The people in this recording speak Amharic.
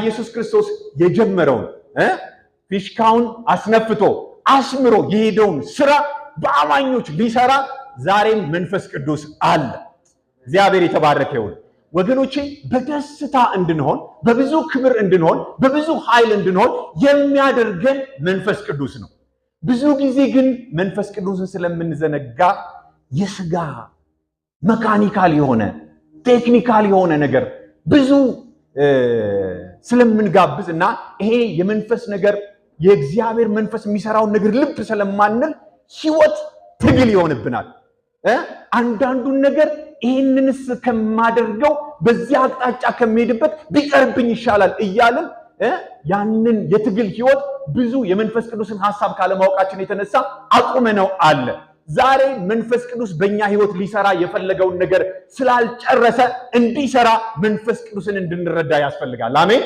ኢየሱስ ክርስቶስ የጀመረውን ፊሽካውን አስነፍቶ አስምሮ የሄደውን ስራ በአማኞች ሊሰራ ዛሬም መንፈስ ቅዱስ አለ። እግዚአብሔር የተባረከ ይሁን። ወገኖቼ በደስታ እንድንሆን፣ በብዙ ክብር እንድንሆን፣ በብዙ ኃይል እንድንሆን የሚያደርገን መንፈስ ቅዱስ ነው። ብዙ ጊዜ ግን መንፈስ ቅዱስን ስለምንዘነጋ የስጋ መካኒካል የሆነ ቴክኒካል የሆነ ነገር ብዙ ስለምንጋብዝ እና ይሄ የመንፈስ ነገር የእግዚአብሔር መንፈስ የሚሰራውን ነገር ልብ ስለማንል ህይወት ትግል ይሆንብናል። አንዳንዱን ነገር ይህንንስ ከማደርገው በዚህ አቅጣጫ ከሚሄድበት ቢቀርብኝ ይሻላል እያልን ያንን የትግል ህይወት ብዙ የመንፈስ ቅዱስን ሀሳብ ካለማወቃችን የተነሳ አቁመነው አለ። ዛሬ መንፈስ ቅዱስ በእኛ ህይወት ሊሰራ የፈለገውን ነገር ስላልጨረሰ እንዲሰራ መንፈስ ቅዱስን እንድንረዳ ያስፈልጋል። አሜን።